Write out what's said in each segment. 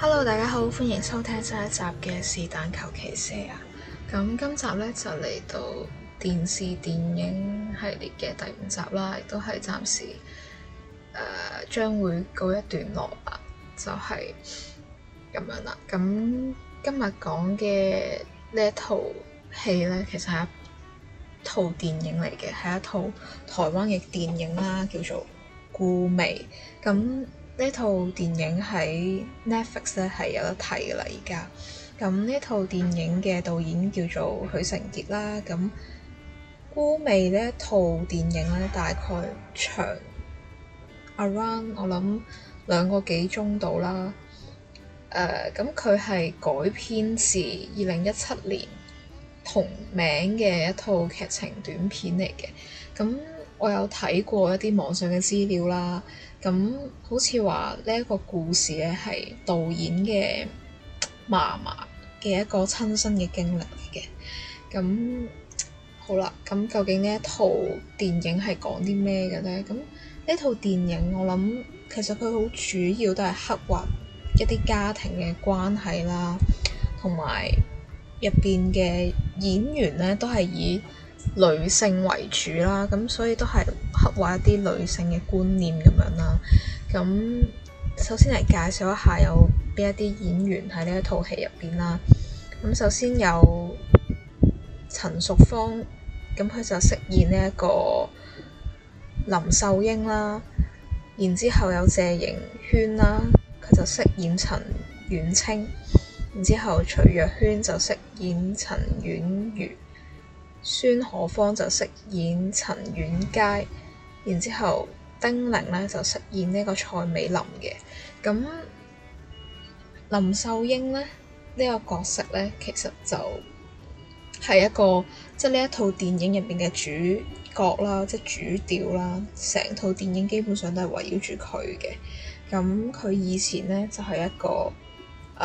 Hello，大家好，歡迎收聽新一集嘅是但求其些牙啊！咁今集咧就嚟到電視電影系列嘅第五集啦，亦都係暫時誒、呃、將會告一段落啦，就係、是、咁樣啦。咁今日講嘅呢一套戲咧，其實係一套電影嚟嘅，係一套台灣嘅電影啦，叫做《孤味》咁。呢套電影喺 Netflix 咧係有得睇㗎啦，而家咁呢套電影嘅導演叫做許成傑啦。咁孤味呢套電影咧，大概長 around 我諗兩個幾鐘度啦。誒咁佢係改編自二零一七年同名嘅一套劇情短片嚟嘅。咁我有睇過一啲網上嘅資料啦，咁好似話呢一個故事咧係導演嘅媽媽嘅一個親身嘅經歷嚟嘅。咁好啦，咁究竟呢一套電影係講啲咩嘅咧？咁呢套電影我諗其實佢好主要都係刻畫一啲家庭嘅關係啦，同埋入邊嘅演員咧都係以女性為主啦，咁所以都係刻畫一啲女性嘅觀念咁樣啦。咁首先嚟介紹一下有邊一啲演員喺呢一套戲入邊啦。咁首先有陳淑芳，咁佢就飾演呢一個林秀英啦。然之後有謝盈萱啦，佢就飾演陳婉清。然之後徐若瑄就飾演陳婉瑜。孫可芳就飾演陳婉佳，然之後丁寧咧就飾演呢個蔡美林嘅。咁林秀英咧呢、呢個角色咧，其實就係一個即係呢一套電影入邊嘅主角啦，即係主調啦，成套電影基本上都係圍繞住佢嘅。咁佢以前咧就係、係、一個誒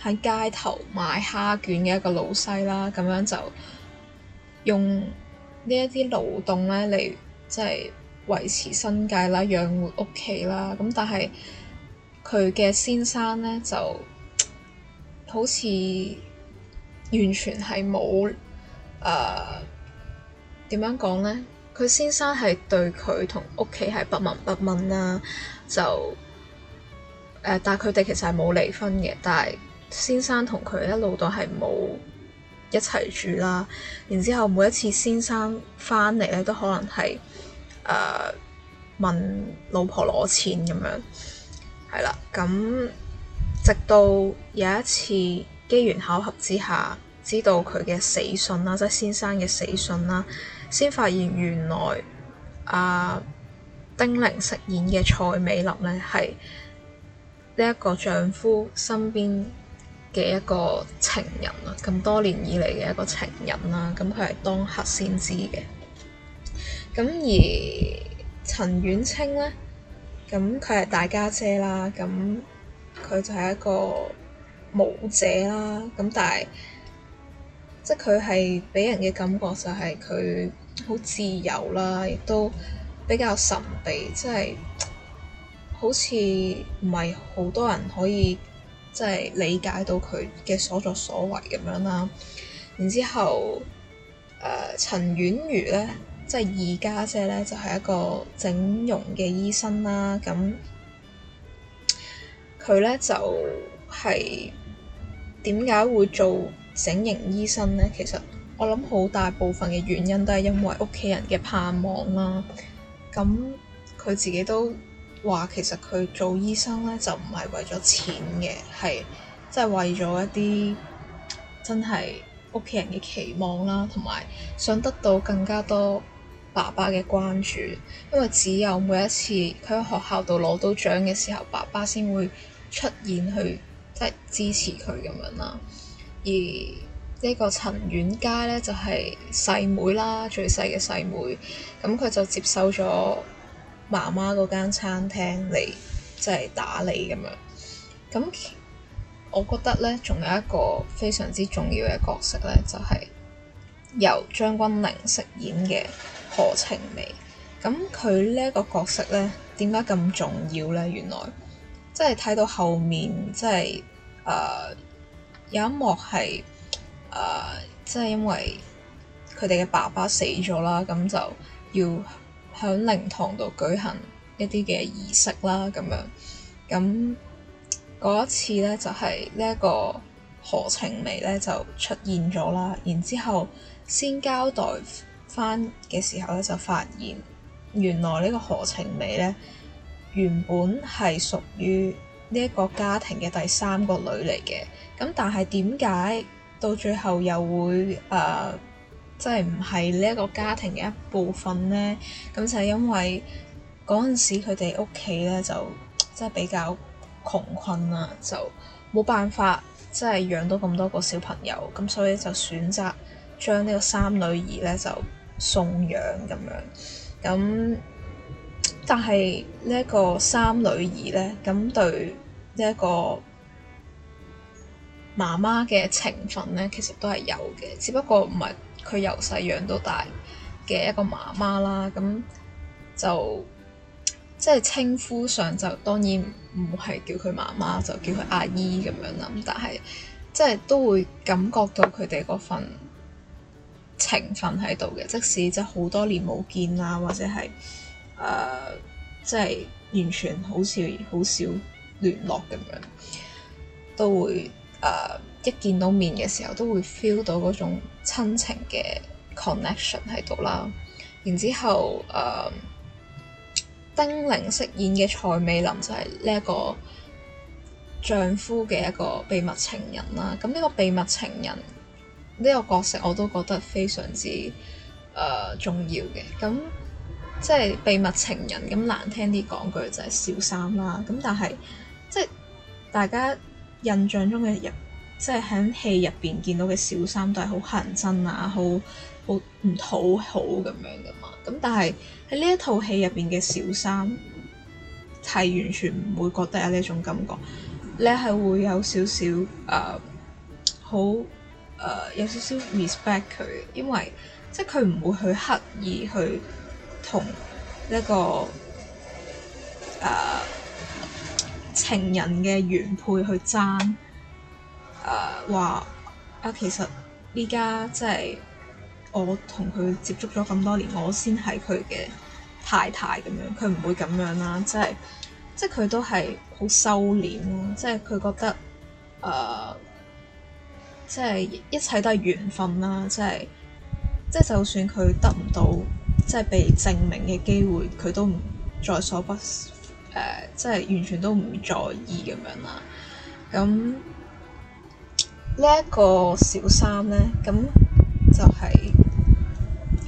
喺、呃、街頭賣蝦卷嘅一個老細啦，咁樣就。用呢一啲勞動咧嚟即係維持生計啦、養活屋企啦，咁但係佢嘅先生咧就好似完全係冇誒點樣講咧？佢先生係對佢同屋企係不聞不問啦，就誒、呃，但係佢哋其實係冇離婚嘅，但係先生同佢一路都係冇。一齊住啦，然之後每一次先生返嚟咧，都可能係誒、呃、問老婆攞錢咁樣，係啦。咁直到有一次機緣巧合之下，知道佢嘅死訊啦，即係先生嘅死訊啦，先發現原來阿、呃、丁玲飾演嘅蔡美林呢，係呢一個丈夫身邊。嘅一個情人啦，咁多年以嚟嘅一個情人啦，咁佢係當刻先知嘅。咁而陳婉清呢，咁佢係大家姐啦，咁佢就係一個舞者啦。咁但係，即係佢係俾人嘅感覺就係佢好自由啦，亦都比較神秘，即係好似唔係好多人可以。即係理解到佢嘅所作所為咁樣啦，然之後誒，陳、呃、婉瑜咧，即係二家姐咧，就係、是、一個整容嘅醫生啦。咁佢咧就係點解會做整形醫生咧？其實我諗好大部分嘅原因都係因為屋企人嘅盼望啦。咁佢自己都。話其實佢做醫生咧就唔係為咗錢嘅，係即係為咗一啲真係屋企人嘅期望啦，同埋想得到更加多爸爸嘅關注，因為只有每一次佢喺學校度攞到獎嘅時候，爸爸先會出現去即係支持佢咁樣啦。而呢個陳婉佳咧就係細妹啦，最細嘅細妹，咁佢就接受咗。媽媽嗰間餐廳嚟，即係打理咁樣。咁我覺得呢，仲有一個非常之重要嘅角色呢，就係、是、由張君靈飾演嘅何晴薇。咁佢呢一個角色呢，點解咁重要呢？原來即係睇到後面，即係、呃、有一幕係、呃、即係因為佢哋嘅爸爸死咗啦，咁就要。喺靈堂度舉行一啲嘅儀式啦，咁樣，咁嗰一次咧就係呢一個何晴薇咧就出現咗啦，然之後先交代翻嘅時候咧就發現原來呢個何晴薇咧原本係屬於呢一個家庭嘅第三個女嚟嘅，咁但係點解到最後又會誒？呃即係唔係呢一個家庭嘅一部分咧，咁就係因為嗰陣時佢哋屋企咧就即係比較窮困啦、啊，就冇辦法即係養到咁多個小朋友，咁所以就選擇將呢個三女兒咧就送養咁樣，咁但係呢一個三女兒咧，咁對呢一個媽媽嘅情分咧，其實都係有嘅，只不過唔係。佢由細養到大嘅一個媽媽啦，咁就即係、就是、稱呼上就當然唔係叫佢媽媽，就叫佢阿姨咁樣啦。但係即係都會感覺到佢哋嗰份情分喺度嘅，即使即好多年冇見喇，或者係誒即係完全好似好少聯絡咁樣，都會誒、呃、一見到面嘅時候都會 feel 到嗰種，親情嘅 connection 喺度啦，然之後，誒、呃，丁寧飾演嘅蔡美林就係呢一個丈夫嘅一個秘密情人啦。咁呢個秘密情人呢個角色我都覺得非常之誒、呃、重要嘅。咁即係秘密情人，咁難聽啲講句就係小三啦。咁但係即係大家印象中嘅人。即係喺戲入邊見到嘅小三都係好乞人憎啊，好好唔討好咁樣噶嘛。咁但係喺呢一套戲入邊嘅小三係完全唔會覺得有呢一種感覺，你係會有少少誒好誒有少少 respect 佢，因為即係佢唔會去刻意去同一個誒、呃、情人嘅原配去爭。誒話、uh, 啊，其實呢家即係我同佢接觸咗咁多年，我先係佢嘅太太咁樣，佢唔會咁樣啦。即係即係佢都係好收斂咯，即係佢覺得誒，即係一切都係緣分啦。即係即係，就算佢得唔到，即係被證明嘅機會，佢都唔在所不誒，即係完全都唔在意咁樣啦。咁、嗯呢一個小三咧，咁就係、是、誒、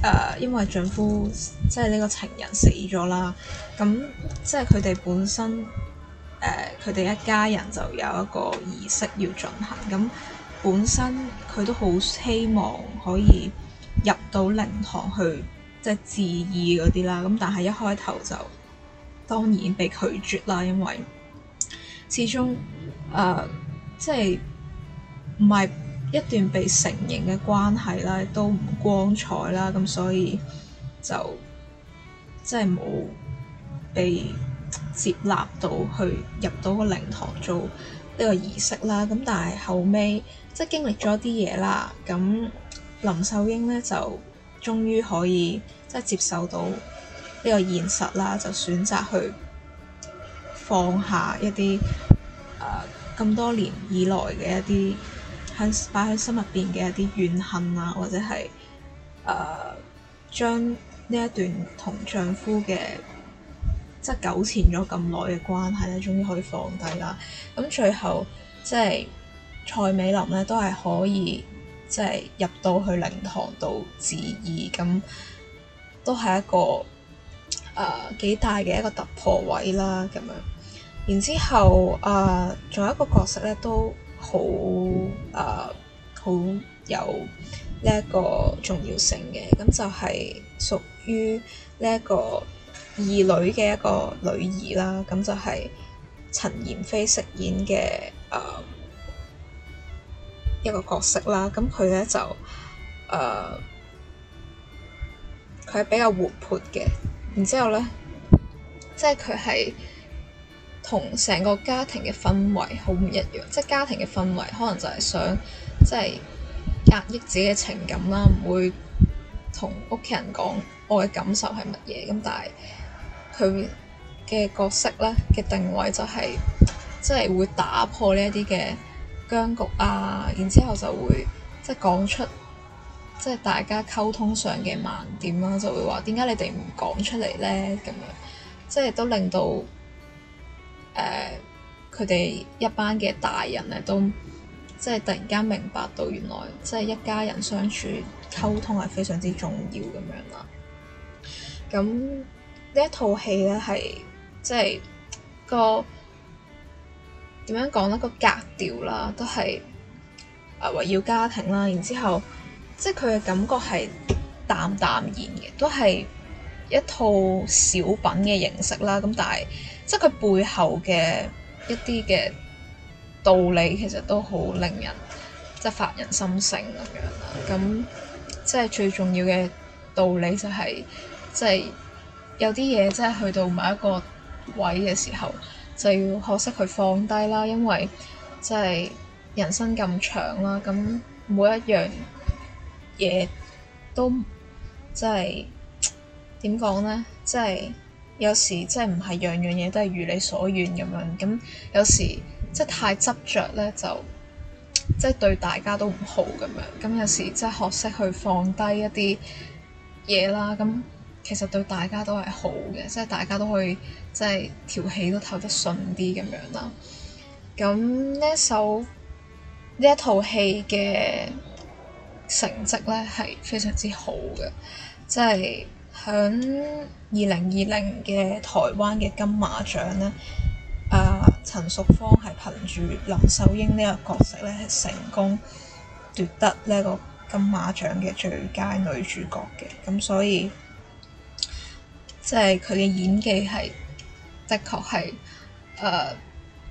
呃，因為丈夫即係呢個情人死咗啦，咁即係佢哋本身誒，佢、呃、哋一家人就有一個儀式要進行，咁本身佢都好希望可以入到靈堂去即係致意嗰啲啦，咁但係一開頭就當然被拒絕啦，因為始終誒、呃、即係。唔係一段被承認嘅關係啦，都唔光彩啦，咁所以就即係冇被接納到去入到個靈堂做呢個儀式啦。咁但係後尾，即係經歷咗啲嘢啦，咁林秀英咧就終於可以即係接受到呢個現實啦，就選擇去放下一啲誒咁多年以來嘅一啲。喺擺喺心入邊嘅一啲怨恨啊，或者係誒將呢一段同丈夫嘅即係糾纏咗咁耐嘅關係咧，終於可以放低啦。咁最後即係蔡美琳咧，都係可以即係入到去靈堂度致意，咁都係一個誒幾、呃、大嘅一個突破位啦。咁樣，然之後誒仲、呃、有一個角色咧都。好誒，好、呃、有呢一個重要性嘅，咁就係屬於呢一個二女嘅一個女兒啦。咁就係陳妍霏飾演嘅誒、呃、一個角色啦。咁佢咧就誒佢係比較活潑嘅，然之後咧即係佢係，就是同成個家庭嘅氛圍好唔一樣，即係家庭嘅氛圍可能就係想即係壓抑自己嘅情感啦，唔會同屋企人講我嘅感受係乜嘢。咁但係佢嘅角色咧嘅定位就係即係會打破呢一啲嘅僵局啊，然之後就會即係講出即係大家溝通上嘅盲點啦，就會話點解你哋唔講出嚟咧？咁樣即係都令到。誒，佢哋、呃、一班嘅大人咧，都即係突然間明白到，原來即係一家人相處溝通係非常之重要咁樣啦。咁呢、嗯、一套戲咧，係即係個點樣講呢？個格調啦，都係誒圍繞家庭啦。然之後，即係佢嘅感覺係淡淡然嘅，都係一套小品嘅形式啦。咁但係。即係佢背後嘅一啲嘅道理，其實都好令人即係發人心省咁樣啦。咁即係最重要嘅道理就係、是，即係有啲嘢即係去到某一個位嘅時候，就要學識去放低啦。因為即係人生咁長啦，咁每一樣嘢都即係點講咧，即係。有時即係唔係樣樣嘢都係如你所願咁樣，咁有時即係太執着咧，就即係對大家都唔好咁樣。咁有時即係學識去放低一啲嘢啦，咁其實對大家都係好嘅，即係大家都可以即係條氣都透得順啲咁樣啦。咁呢一首呢一套戲嘅成績咧係非常之好嘅，即係。喺二零二零嘅台灣嘅金馬獎咧，啊、呃、陳淑芳係憑住林秀英呢個角色咧，係成功奪得呢個金馬獎嘅最佳女主角嘅，咁所以即係佢嘅演技係的確係誒、呃、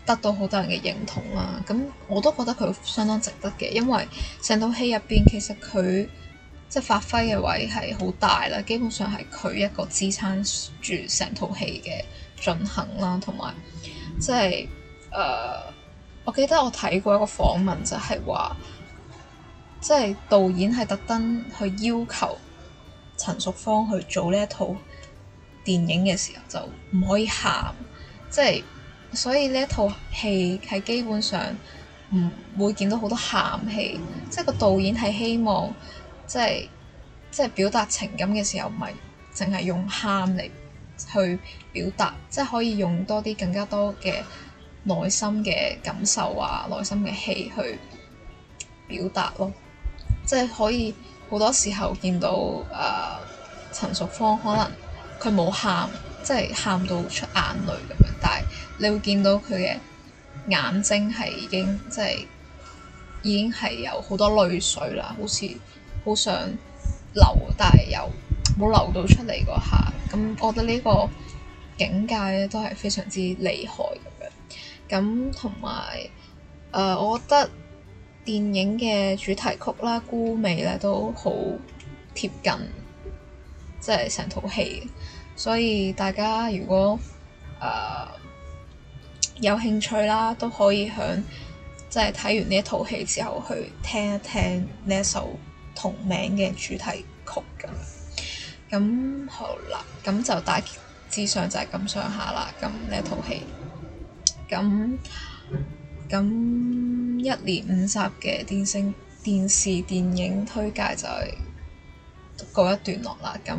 得到好多人嘅認同啦、啊。咁我都覺得佢相當值得嘅，因為成套戲入邊其實佢。即係發揮嘅位係好大啦，基本上係佢一個支撐住成套戲嘅進行啦，同埋即係誒、呃，我記得我睇過一個訪問，就係話，即係導演係特登去要求陳淑芳去做呢一套電影嘅時候，就唔可以喊，即係所以呢一套戲係基本上唔、嗯、會見到好多喊戲，即係個導演係希望。即係即係表達情感嘅時候，唔係淨係用喊嚟去表達，即係可以用多啲更加多嘅內心嘅感受啊，內心嘅氣去表達咯。即係可以好多時候見到誒，陳、呃、淑芳可能佢冇喊，即係喊到出眼淚咁樣，但係你會見到佢嘅眼睛係已經即係已經係有好多淚水啦，好似～好想流，但係又冇流到出嚟嗰下，咁我覺得呢個境界咧都係非常之厲害嘅。咁同埋，誒、呃，我覺得電影嘅主題曲啦、孤味咧都好貼近，即係成套戲。所以大家如果誒、呃、有興趣啦，都可以響即係睇完呢一套戲之後去聽一聽呢一首。同名嘅主題曲咁，咁好啦，咁就大致上就係咁上下啦。咁呢一套戲，咁咁一年五集嘅電視電視電視電影推介就係嗰一段落啦。咁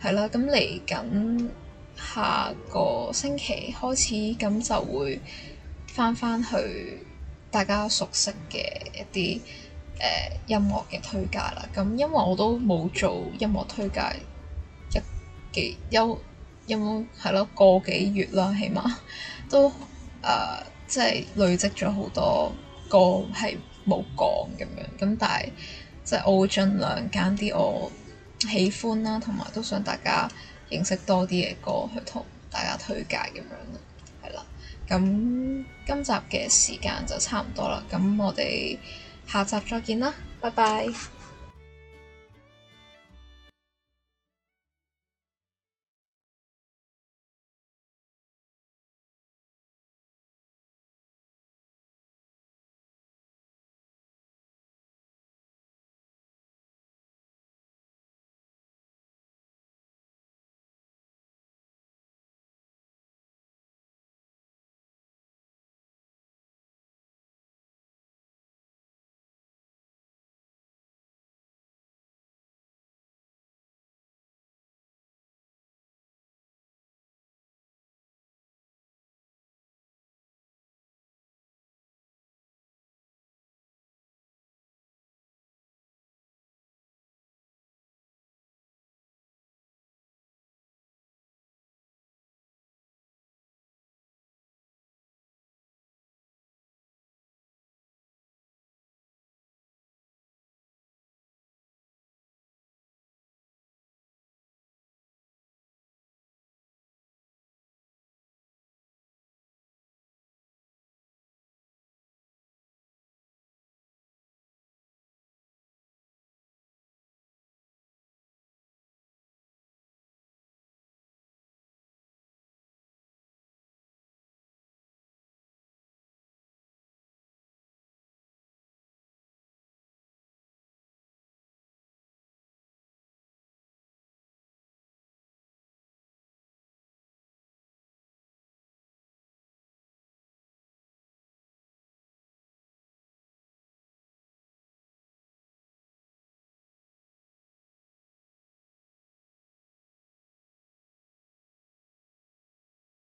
係啦，咁嚟緊下個星期開始，咁就會返返去大家熟悉嘅一啲。呃、音樂嘅推介啦，咁因為我都冇做音樂推介一幾休音樂係咯，個幾月啦，起碼都誒、呃、即係累積咗好多歌係冇講咁樣，咁但係即係我會盡量揀啲我喜歡啦，同埋都想大家認識多啲嘅歌去同大家推介咁樣咯，係啦，咁今集嘅時間就差唔多啦，咁我哋。下集再見啦，拜拜。